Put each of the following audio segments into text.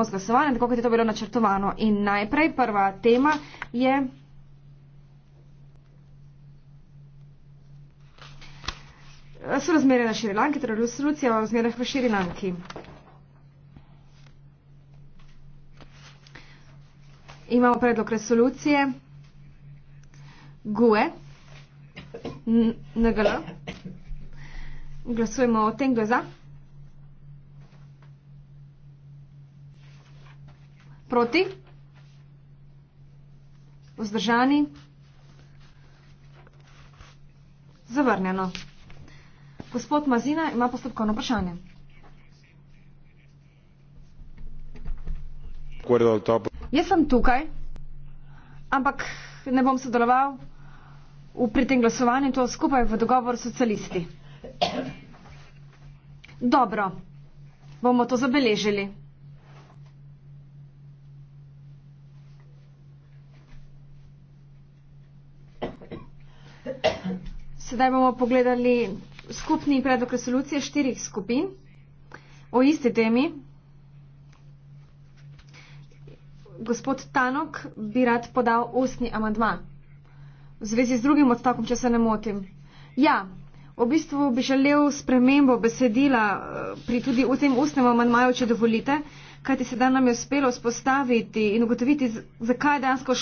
bomo zglasovali, tako kot je to bilo načrtovano. In najprej prva tema je. So razmere na Šrilanki, torej resolucija o razmerah v Šrilanki. Imamo predlog resolucije GUE, NGL. Glasujemo o tem, kdo je za. Proti? Vzdržani? Zavrnjeno. Gospod Mazina ima postopkovno vprašanje. Jaz sem tukaj, ampak ne bom sodeloval v pri tem glasovanju, to skupaj v dogovor s socialisti. Dobro, bomo to zabeležili. zdaj bomo pogledali skupni predlog resolucije štirih skupin o isti temi. Gospod Tanok bi rad podal ustni amandma v zvezi z drugim odstavkom, če se ne motim. Ja, v bistvu bi želel spremembo besedila eh, pri tudi v tem ustnem amandmaju, če dovolite. Uh, kajti sedaj nam je uspelo vzpostaviti in ugotoviti, zakaj je dejansko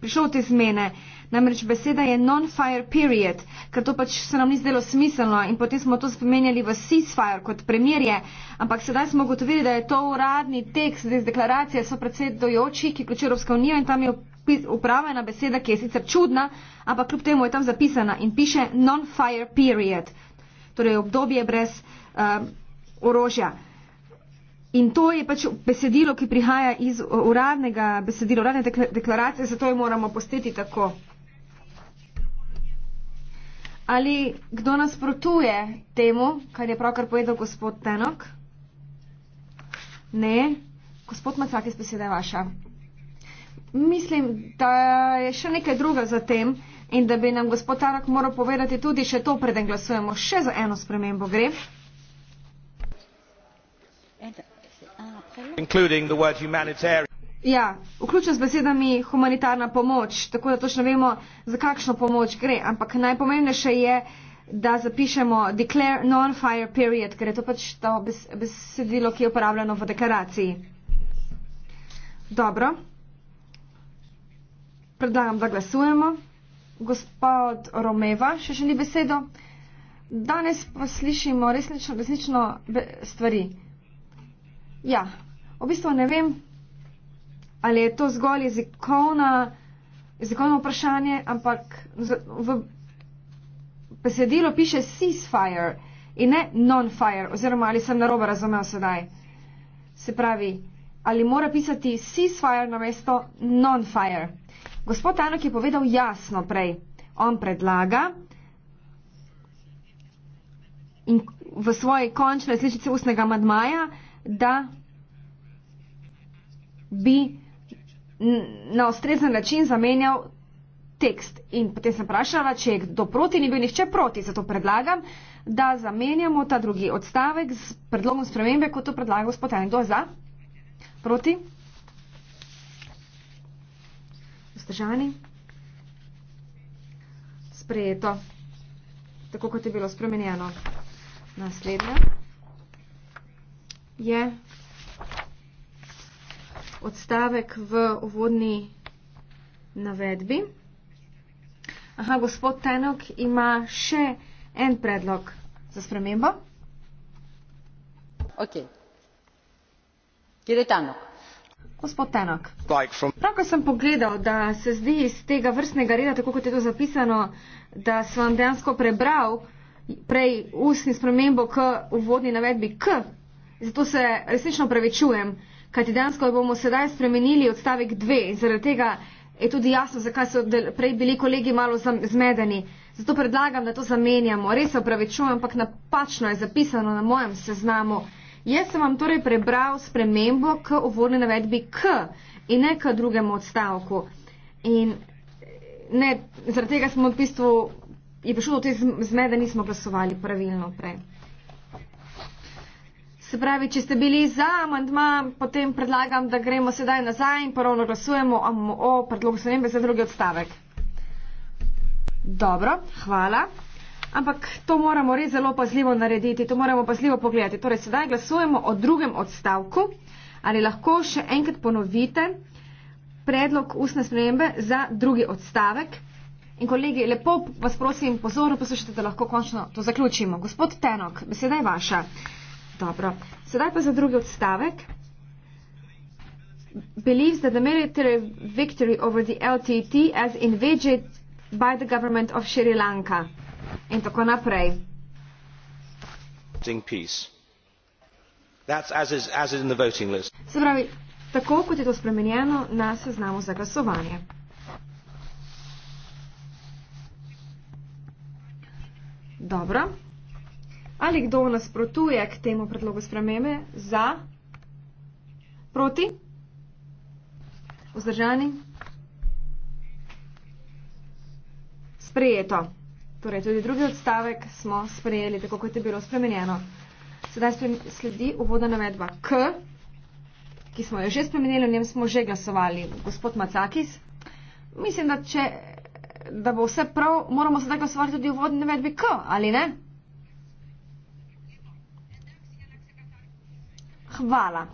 prišlo te zmene. Namreč beseda je non-fire period, ker to pač se nam ni zdelo smiselno in potem smo to spremenjali v ceasefire kot premirje, ampak sedaj smo ugotovili, da je to uradni tekst iz deklaracije, so predsedojoči, ki vključuje Evropska unija in tam je upravljena beseda, ki je sicer čudna, ampak kljub temu je tam zapisana in piše non-fire period, torej obdobje brez uh, orožja. In to je pač besedilo, ki prihaja iz uh, uradnega besedila, uradne deklaracije, zato jo moramo posteti tako. Ali kdo nasprotuje temu, kar je pravkar povedal gospod Tenok? Ne. Gospod Macakis, beseda je vaša. Mislim, da je še nekaj druga za tem in da bi nam gospod Tarak moral povedati tudi še to, preden glasujemo še za eno spremembo. Gre. including the word humanitarian. Ja, vključno z besedami humanitarna pomoč, tako da točno vemo, za kakšno pomoč gre, ampak najpomembnejše je, da zapišemo declare non-fire period, ker je to pač to besedilo, ki je uporabljeno v deklaraciji. Dobro. Predlagam, da glasujemo. Gospod Romeva, še želi besedo. Danes poslišimo resnično, resnično stvari. Ja, v bistvu ne vem, ali je to zgolj jezikovna, jezikovno vprašanje, ampak v besedilu piše ceasefire in ne nonfire, oziroma ali sem narobo razumel sedaj. Se pravi, ali mora pisati ceasefire na mesto nonfire. Gospod Tanok je povedal jasno prej, on predlaga in v svoji končni različici ustnega madmaja, da bi na ustrezen način zamenjal tekst. In potem sem vprašala, če je kdo proti, ni bil nihče proti, zato predlagam, da zamenjamo ta drugi odstavek z predlogom spremembe, kot to predlaga gospod Jan. Kdo je za? Proti? Vzdržani? Sprejeto. Tako kot je bilo spremenjeno. Naslednja je odstavek v uvodni navedbi. Aha, gospod Tenok ima še en predlog za spremembo. Ok. Kje je Tenok? Gospod Tenok. Like from... Pravko sem pogledal, da se zdi iz tega vrstnega reda, tako kot je to zapisano, da sem vam dejansko prebral prej ustni spremembo k uvodni navedbi k Zato se resnično prevečujem, kajti dejansko bomo sedaj spremenili odstavek 2 in zaradi tega je tudi jasno, zakaj so prej bili kolegi malo zmedeni. Zato predlagam, da to zamenjamo. Res se upravičujem, ampak napačno je zapisano na mojem seznamu. Jaz sem vam torej prebral spremembo k uvodni navedbi k in ne k drugemu odstavku. In ne, zaradi tega smo v bistvu, je prišlo do te zmede, nismo glasovali pravilno prej. Se pravi, če ste bili za amandma, potem predlagam, da gremo sedaj nazaj in ponovno glasujemo o, o predlogu spremembe za drugi odstavek. Dobro, hvala. Ampak to moramo res zelo pazljivo narediti, to moramo pazljivo pogledati. Torej, sedaj glasujemo o drugem odstavku. Ali lahko še enkrat ponovite predlog ustne spremembe za drugi odstavek? In kolegi, lepo vas prosim, pozorno poslušajte, da lahko končno to zaključimo. Gospod Tenok, beseda je vaša. Dobro. Sedaj pa za drugi odstavek. Believes that the military victory over the LTT as invaded by the government of Sri Lanka. In tako naprej. Peace. That's as is, as is in the voting list. Se pravi, tako kot je to spremenjeno na seznamu za glasovanje. Dobro. Ali kdo nasprotuje k temu predlogu spremembe? Za? Proti? Vzdržani? Sprejeto. Torej, tudi drugi odstavek smo sprejeli, tako kot je bilo spremenjeno. Sedaj sledi uvoda navedba K, ki smo jo že spremenili, v njem smo že glasovali. Gospod Macakis, mislim, da, če, da bo vse prav, moramo sedaj glasovati tudi uvodni navedbi K, ali ne? hvala.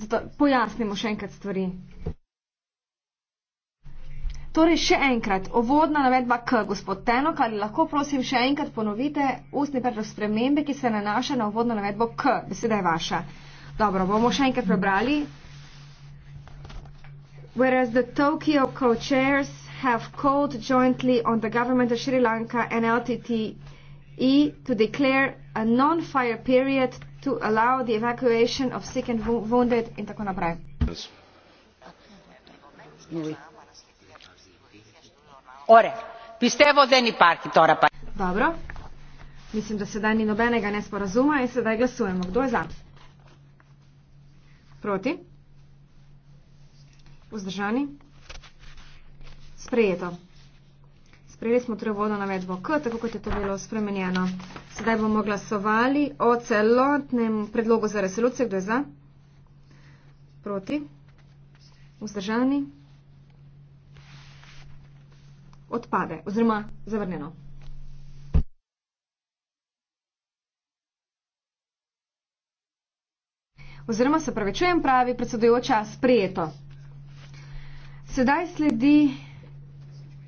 Zato pojasnimo še enkrat stvari. Torej, še enkrat, ovodna navedba k gospod Tenok, ali lahko prosim še enkrat ponovite ustni predlog spremembe, ki se nanaša na ovodno navedbo k. Beseda je vaša. Dobro, bomo še enkrat prebrali. Whereas the Tokyo co-chairs have called jointly on the government of Sri Lanka and LTTE to declare a non-fire period to allow the evacuation of sick and wounded in tako naprej. Ore, piste vodeni parki, tora pa. Dobro, mislim, da sedaj ni nobenega nesporazuma in sedaj glasujemo. Kdo je za? Proti? Vzdržani? Sprejeto. Sprejeli smo trojo vodo na večbo K, tako kot je to bilo spremenjeno. Sedaj bomo glasovali o celotnem predlogu za resolucijo. Kdo je za? Proti? Vzdržani? Odpade oziroma zavrnjeno. Oziroma se pravičujem pravi predsedujoča sprejeto. Sedaj sledi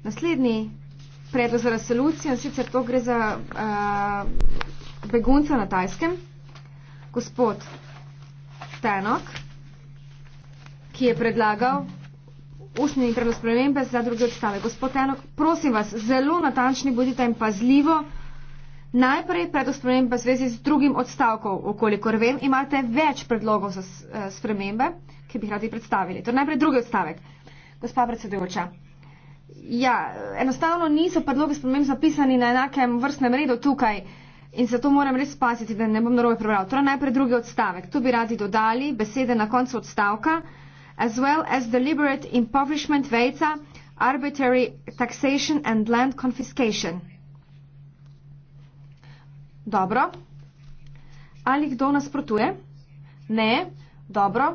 naslednji predlog za resolucijo in sicer to gre za uh, begunca na Tajskem. Gospod Stenok, ki je predlagal ustni predlog spremembe za druge odstave. Gospod Stenok, prosim vas, zelo natančni bodite in pazljivo. Najprej predlog spremembe v zvezi z drugim odstavkom, okolikor vem, imate več predlogov za eh, spremembe, ki bi radi predstavili. To torej je najprej drugi odstavek. Gospa predsedujoča, Ja, enostavno niso predloge sprememb zapisani na enakem vrstnem redu tukaj in zato moram res spasiti, da ne bom narobe prebral. Torej najprej drugi odstavek. Tu bi radi dodali besede na koncu odstavka. As well as deliberate impoverishment veca, arbitrary taxation and land confiscation. Dobro. Ali kdo nasprotuje? Ne. Dobro.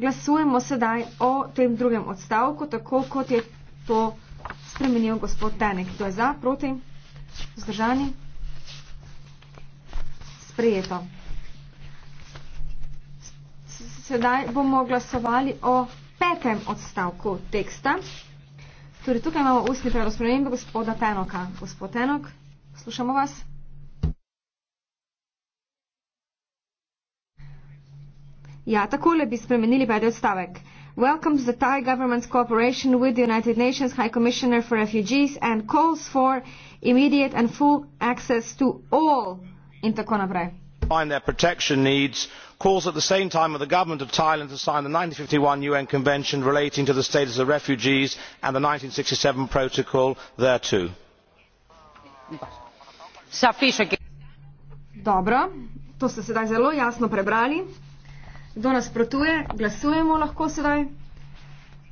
Glasujemo sedaj o tem drugem odstavku, tako kot je to spremenil gospod Tenek. To je za, proti, vzdržani, sprejeto. Sedaj bomo glasovali o petem odstavku teksta. Tudi torej, tukaj imamo ustni predlog spremembe gospoda Tenoka. Gospod Tenok, slušamo vas. Ja, takole bi spremenili peti odstavek. Welcomes the Thai government's cooperation with the United Nations High Commissioner for Refugees and calls for immediate and full access to all. In tako naprej. Find their protection needs. Calls at the same time for the government of Thailand to sign the 1951 UN Convention relating to the status of refugees and the 1967 Protocol thereto. Dobro, to ste sedaj zelo jasno prebrali. Kdo nasprotuje, glasujemo lahko sedaj.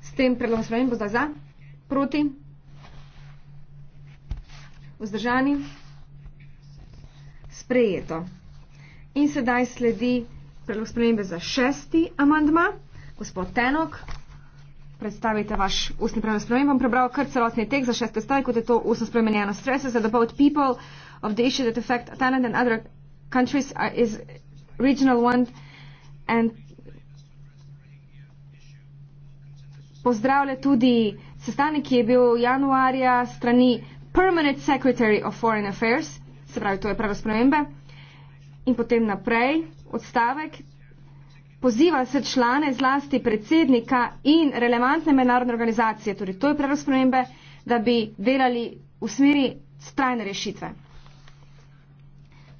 S tem predlogom sprejem bo zdaj za, proti, vzdržani, sprejeto. In sedaj sledi predlog spremembe za šesti amandma. Gospod Tenok, predstavite vaš ustni predlog spremembe. Bom prebral kar celotni tekst za šeste staj, kot je to ustno spremenjeno stresa. za about people of the issue that affect Thailand and other countries is regional one and pozdravlja tudi sestanek, ki je bil januarja strani Permanent Secretary of Foreign Affairs, se pravi, to je prava spremembe, in potem naprej odstavek. Poziva se člane zlasti predsednika in relevantne mednarodne organizacije, torej to je prava spremembe, da bi delali v smeri strajne rešitve.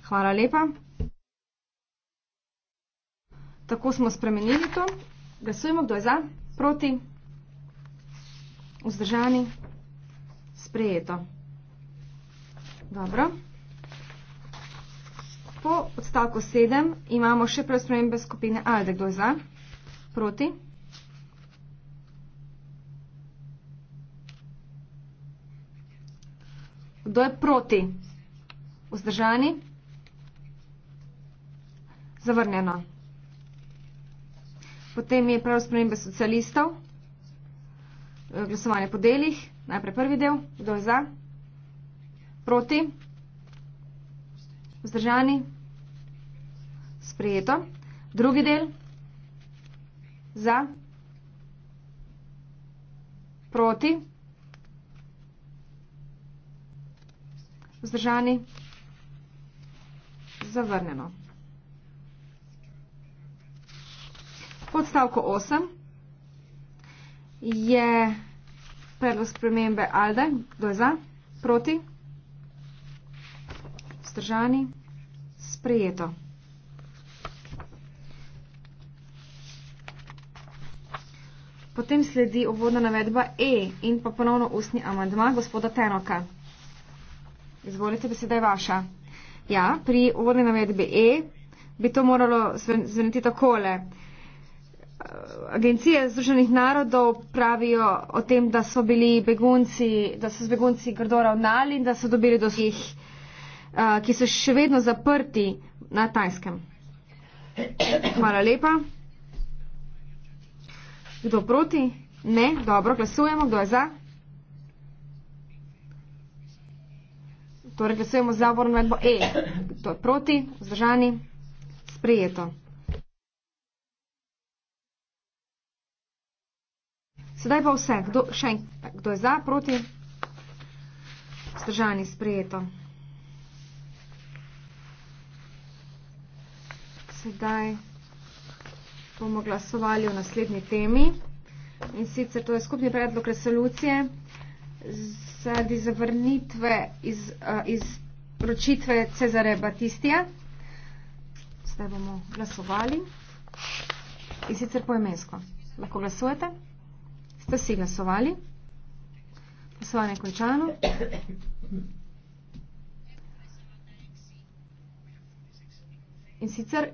Hvala lepa. Tako smo spremenili to. Glasujemo, kdo je za, proti, vzdržani, sprejeto. Dobro. Po odstavku 7 imamo še prav spremembe skupine A, da kdo je za, proti. Kdo je proti? Vzdržani? Zavrnjeno. Potem je prav spremembe socialistov, eh, glasovanje po delih, najprej prvi del, kdo je za, proti, vzdržani, sprejeto, drugi del, za, proti, vzdržani, zavrneno. Po odstavku 8 je predlog spremembe Alde, kdo je za, proti, vzdržani, sprejeto. Potem sledi uvodna navedba E in pa ponovno ustni amandma gospoda Tenoka. Izvolite, beseda je vaša. Ja, pri uvodni navedbi E bi to moralo zveniti takole. Uh, Agencije Združenih narodov pravijo o tem, da so bili begunci, da so z begunci grdo ravnali in da so dobili do svojih, ki so še vedno zaprti na Tajskem. Hvala lepa. Kdo proti? Ne, dobro, glasujemo. Kdo je za? Torej, glasujemo za vrnjeno E. Kdo je proti? Zdržani? Sprijeto. Sedaj pa vse. Kdo, en, kdo je za, proti? Zdržani sprejeto. Sedaj bomo glasovali o naslednji temi in sicer to je skupni predlog resolucije zaradi zavrnitve iz, iz ročitve Cezare Batistija. Sedaj bomo glasovali in sicer poemensko. Lahko glasujete? Ste vsi glasovali? Glasovanje je končano. In sicer